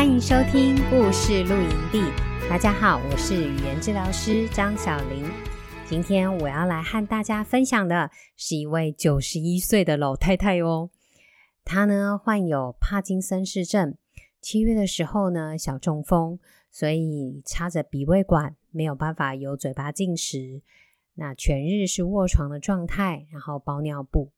歡迎收聽故事露營地。大家好，我是語言治療師張小玲。今天我要來和大家分享的是一位九十一歲的老太太哦。她呢患有帕金森氏症，七月的時候呢小中風，所以插着鼻胃管，沒有辦法由嘴巴進食。那全日是臥床的狀態，然後包尿布，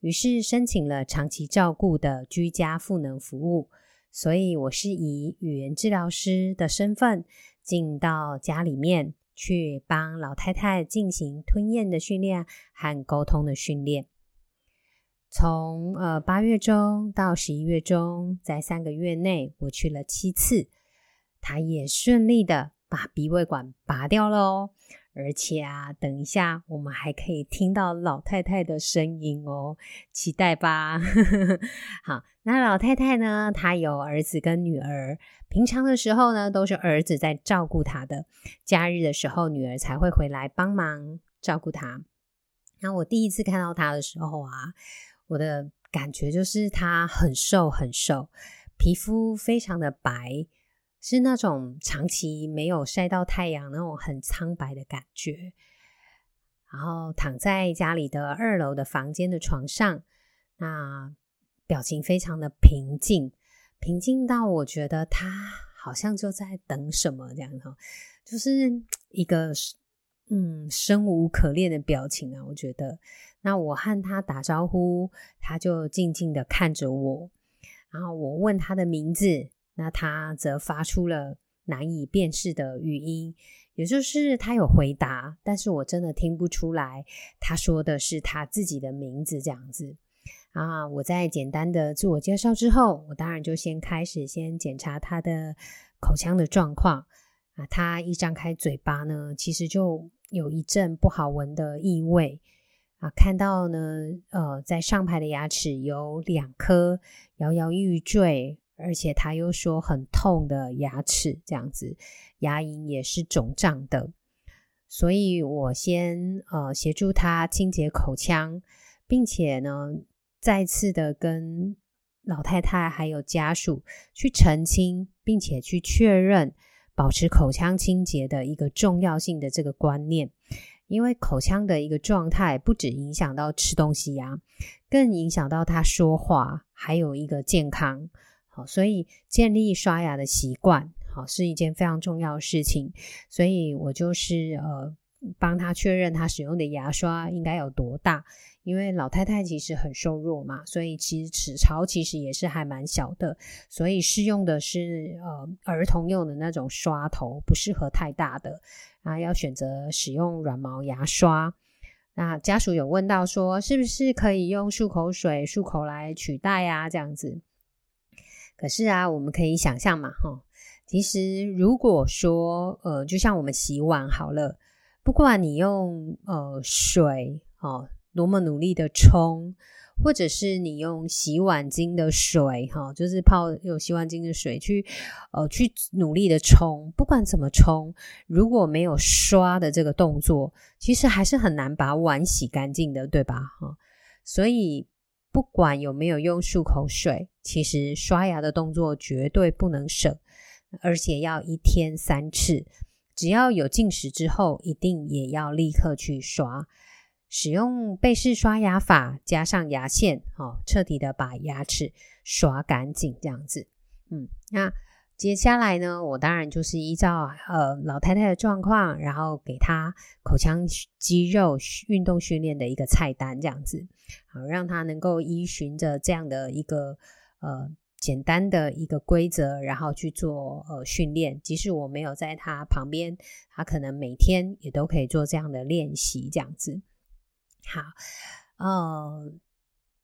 於是申請了長期照顧的居家賦能服務。所以我是以語言治療師的身份進到家裡面去幫老太太進行吞嚥的訓練和溝通的訓練。從呃八月中到十一月中，在三個月內我去了七次，她也順利的把鼻胃管拔掉了哦。而且啊，等一下，我們還可以聽到老太太的聲音哦，期待吧。 好，那老太太呢？她有兒子跟女兒，平常的時候呢，都是兒子在照顧她的，假日的時候女兒才會回來幫忙照顧她。那我第一次看到她的時候啊，我的感覺就是她很瘦，很瘦，皮膚非常的白。是那種長期沒有曬到太陽，那種很蒼白的感覺，然後躺在家裡的二樓的房間的床上，那表情非常的平靜，平靜到我覺得他好像就在等什麼這樣哈，就是一個嗯生無可戀的表情啊，我覺得。那我和他打招呼，他就靜靜的看着我，然後我問他的名字。那他則發出了難以辨識的語音，也就是他有回答，但是我真的聽不出來他說的是他自己的名字這樣子。啊，我在簡單的自我介紹之後，我當然就先開始先檢查他的口腔的狀況。啊，他一張開嘴巴呢，其實就有一陣不好聞的異味。啊，看到呢，呃，在上排的牙齒有兩顆搖搖欲墜。而且他又說很痛的牙齒，這樣子，牙齦也是腫脹的，所以我先呃協助他清潔口腔，並且呢再次的跟老太太還有家屬去澄清，並且去確認保持口腔清潔的一個重要性的這個觀念，因為口腔的一個狀態不只影響到吃東西呀、啊，更影響到他說話，還有一個健康。好，所以建立刷牙的習慣，好是一件非常重要的事情。所以我就是呃，幫他確認他使用的牙刷應該有多大，因為老太太其實很瘦弱嘛，所以其實齒槽其實也是還蠻小的，所以適用的是呃兒童用的那種刷頭，不適合太大的啊，要選擇使用軟毛牙刷。那家屬有問到說，是不是可以用漱口水漱口來取代呀、啊？這樣子。可是啊，我們可以想象嘛，哈，其實如果說呃，就像我們洗碗好了，不管你用呃水哦、呃、多麼努力的沖，或者是你用洗碗精的水哈、呃，就是泡用洗碗精的水去呃去努力的沖，不管怎麼沖，如果沒有刷的這個動作，其實還是很難把碗洗乾淨的，對吧？哈、呃，所以不管有沒有用漱口水。其實刷牙的動作絕對不能省，而且要一天三次。只要有進食之後，一定也要立刻去刷。使用貝氏刷牙法，加上牙線，哦，徹底的把牙齒刷乾淨。這樣子，嗯，那接下來呢，我當然就是依照呃老太太的狀況，然後給她口腔肌肉運動訓練的一個菜單，這樣子，好、嗯，讓她能夠依循着這樣的一個。呃，簡單的一個規則，然後去做呃訓練。即使我沒有在他旁邊，他可能每天也都可以做這樣的練習，這樣子。好，呃，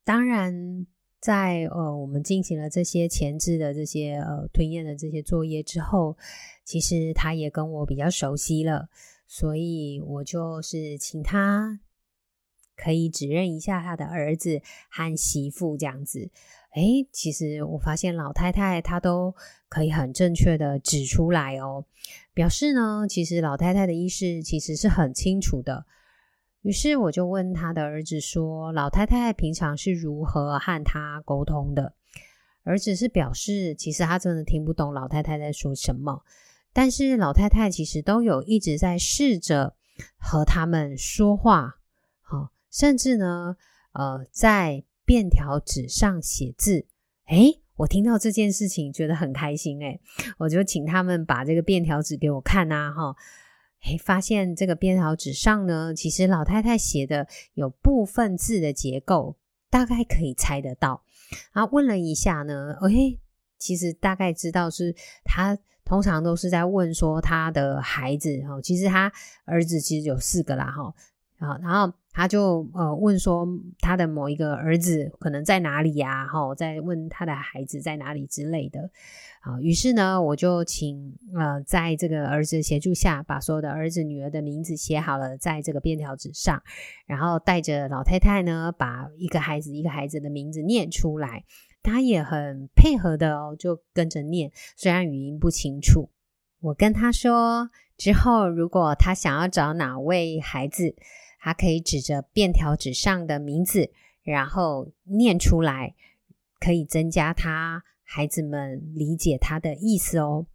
當然，在呃我們進行了這些前置的這些呃吞嚥的這些作業之後，其實他也跟我比較熟悉了，所以我就是請他。可以指認一下他的兒子和媳婦這樣子。誒、欸、其實我發現老太太她都可以很正確的指出來哦，表示呢，其實老太太的意思其實是很清楚的。於是我就問他的兒子說：“老太太平常是如何和他溝通的？”兒子是表示，其實他真的聽不懂老太太在說什麼，但是老太太其實都有一直在試着和他們說話。好、嗯。甚至呢，呃，在便條紙上寫字。誒，我聽到這件事情覺得很開心，欸。誒，我就請他們把這個便條紙給我看吶，哈。誒，發現這個便條紙上呢，其實老太太寫的有部分字的結構，大概可以猜得到。然後問了一下呢，嘿，其實大概知道是她通常都是在問說她的孩子。其實她兒子其實有四個啦，哈。然後。他就呃問說他的某一個兒子可能在哪裡呀、啊？哈、哦，在問他的孩子在哪裡之類的啊、呃。於是呢，我就請呃在這個兒子協助下，把所有的兒子女兒的名字寫好了在這個便條紙上，然後帶着老太太呢，把一個孩子一個孩子的名字念出來。他也很配合的哦，就跟着念，雖然語音不清楚。我跟他說之後，如果他想要找哪位孩子。還可以指着便條紙上的名字，然後念出來，可以增加他孩子們理解他的意思哦。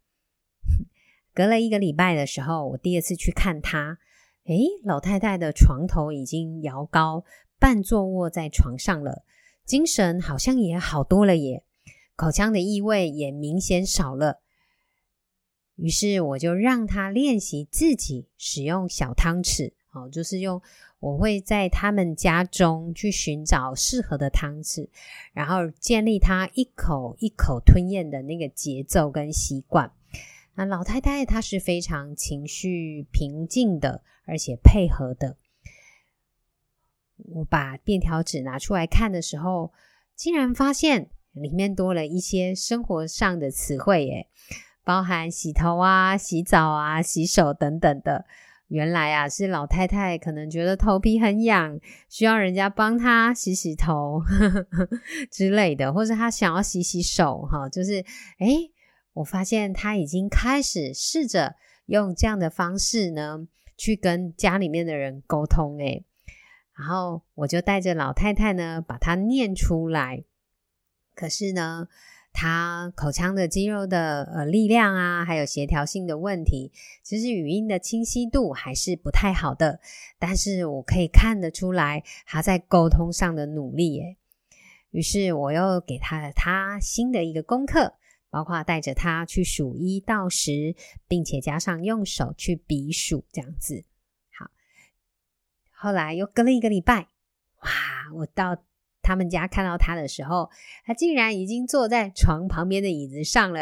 隔了一個禮拜的時候，我第二次去看他，誒，老太太的床頭已經搖高，半坐臥在床上了，精神好像也好多了耶，也口腔的異味也明顯少了。於是我就讓他練習自己使用小湯匙。好、哦，就是用我會在他們家中去尋找適合的湯匙，然後建立他一口一口吞嚥的那個節奏跟習慣。那老太太她是非常情緒平靜的，而且配合的。我把便條紙拿出來看的時候，竟然發現裡面多了一些生活上的詞彙，耶，包含洗頭啊、洗澡啊、洗手啊、洗手等等的。原來啊，是老太太可能覺得頭皮很癢，需要人家幫她洗洗頭，呵呵之類的，或者她想要洗洗手哈、哦，就是哎，我發現她已經開始試着用這樣的方式呢，去跟家裡面的人溝通哎，然後我就帶着老太太呢，把它念出來，可是呢。他口腔的肌肉的呃力量啊，還有協調性的問題，其實語音的清晰度還是不太好的。但是我可以看得出來他在溝通上的努力，哎，於是我又給他了他新的一個功課，包括帶着他去數一到十，並且加上用手去比數這樣子。好，後來又隔了一個禮拜，哇，我到。他們家看到他的時候，他竟然已經坐在床旁邊的椅子上了，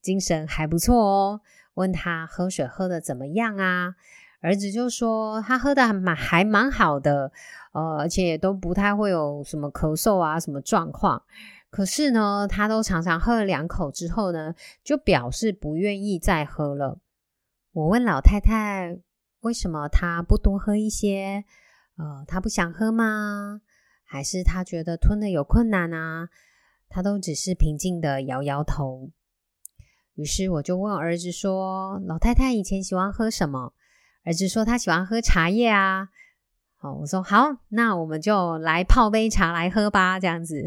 精神還不錯哦。問他喝水喝的怎麼樣啊？兒子就說他喝的還，還蠻好的，呃，而且也都不太會有什麼咳嗽啊，什麼狀況。可是呢，他都常常喝了兩口之後呢，就表示不願意再喝了。我問老太太，為什麼他不多喝一些？呃，他不想喝嗎？還是他覺得吞的有困難啊？他都只是平靜的搖搖頭。於是我就問兒子說：“老太太以前喜歡喝什麼？”兒子說：“她喜歡喝茶葉啊。”哦，我說：“好，那我們就來泡杯茶來喝吧。”這樣子，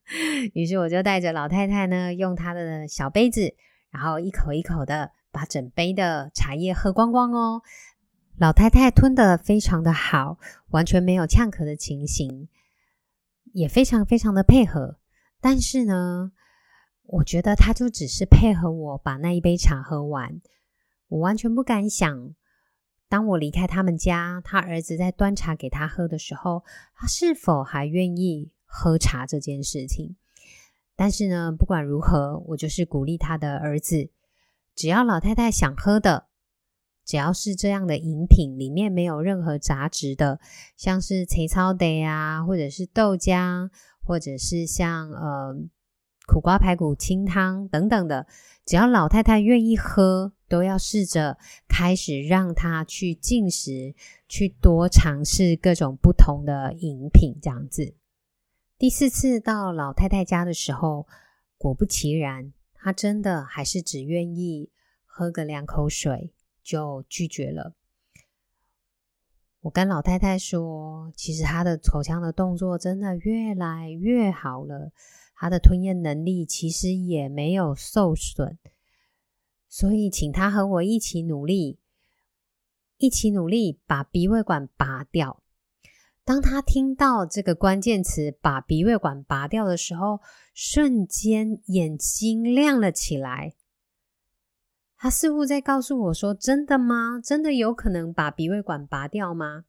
於是我就帶着老太太呢，用她的小杯子，然後一口一口的把整杯的茶葉喝光光哦。老太太吞的非常的好，完全沒有嗆咳的情形。也非常非常的配合，但是呢，我覺得他就只是配合我把那一杯茶喝完。我完全不敢想，當我離開他們家，他兒子在端茶給他喝的時候，他是否還願意喝茶這件事情。但是呢，不管如何，我就是鼓勵他的兒子，只要老太太想喝的。只要是這樣的飲品，裡面沒有任何雜質的，像是青草茶啊，或者是豆漿，或者是像呃苦瓜排骨清湯等等的，只要老太太願意喝，都要試着開始讓她去進食，去多嘗試各種不同的飲品，這樣子。第四次到老太太家的時候，果不其然，她真的還是只願意喝個兩口水。就拒絕了。我跟老太太說，其實她的口腔的動作真的越來越好了，她的吞嚥能力其實也沒有受損，所以請她和我一起努力，一起努力把鼻胃管拔掉。當她聽到這個關鍵詞“把鼻胃管拔掉”的時候，瞬間眼睛亮了起來。他似乎在告訴我說：“真的嗎？真的有可能把鼻胃管拔掉嗎？”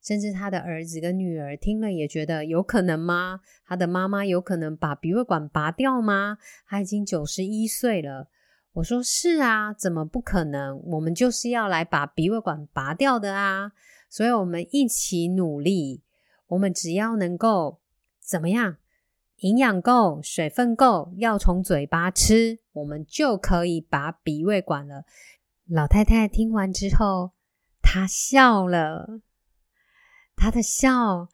甚至他的兒子跟女兒聽了也覺得：“有可能嗎？他的媽媽有可能把鼻胃管拔掉嗎？”他已經九十一歲了。我說：“是啊，怎麼不可能？我們就是要來把鼻胃管拔掉的啊！所以我們一起努力，我們只要能夠怎麼樣？”營養夠，水分夠，要從嘴巴吃，我們就可以拔鼻胃管了。老太太聽完之後，她笑了，她的笑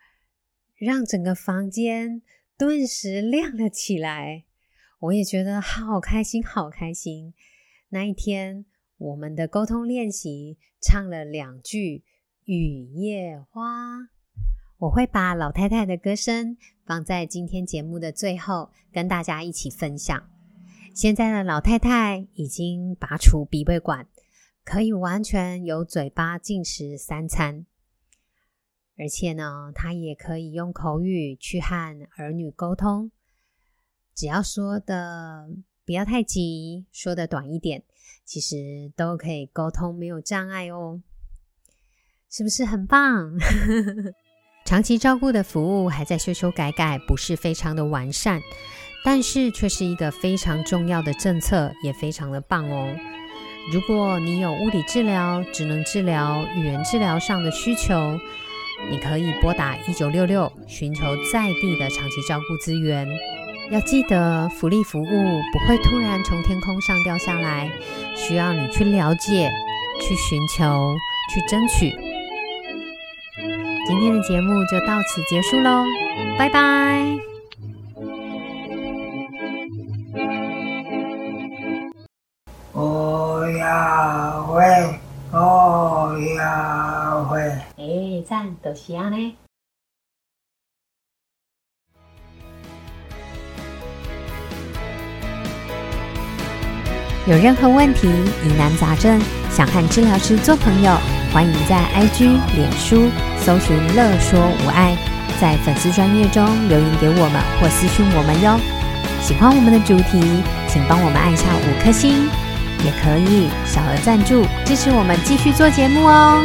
讓整個房間頓時亮了起來。我也覺得好開心，好開心。那一天，我們的溝通練習唱了兩句《雨夜花》。我會把老太太的歌聲放在今天節目的最後，跟大家一起分享。現在的老太太已經拔除鼻胃管，可以完全由嘴巴進食三餐，而且呢，她也可以用口語去和兒女溝通。只要說的不要太急，說的短一點，其實都可以溝通，沒有障礙哦。是不是很棒？ 長期照顧的服務還在修修改改，不是非常的完善，但是卻是一個非常重要的政策，也非常的棒哦。如果你有物理治療、職能治療、語言治療上的需求，你可以撥打一九六六，尋求在地的長期照顧資源。要記得，福利服務不會突然從天空上掉下來，需要你去了解、去尋求、去爭取。今天的節目就到此結束嘍，拜拜！雨夜花，雨夜花。哎，讚都是要的。有任何問題、疑難雜症，想和治療師做朋友，歡迎在 IG、臉書。搜尋“樂說無礙”在粉絲專頁中留言給我們或私訊我們喲。喜歡我們的主題，請幫我們按下五顆星，也可以小額贊助支持我們繼續做節目哦。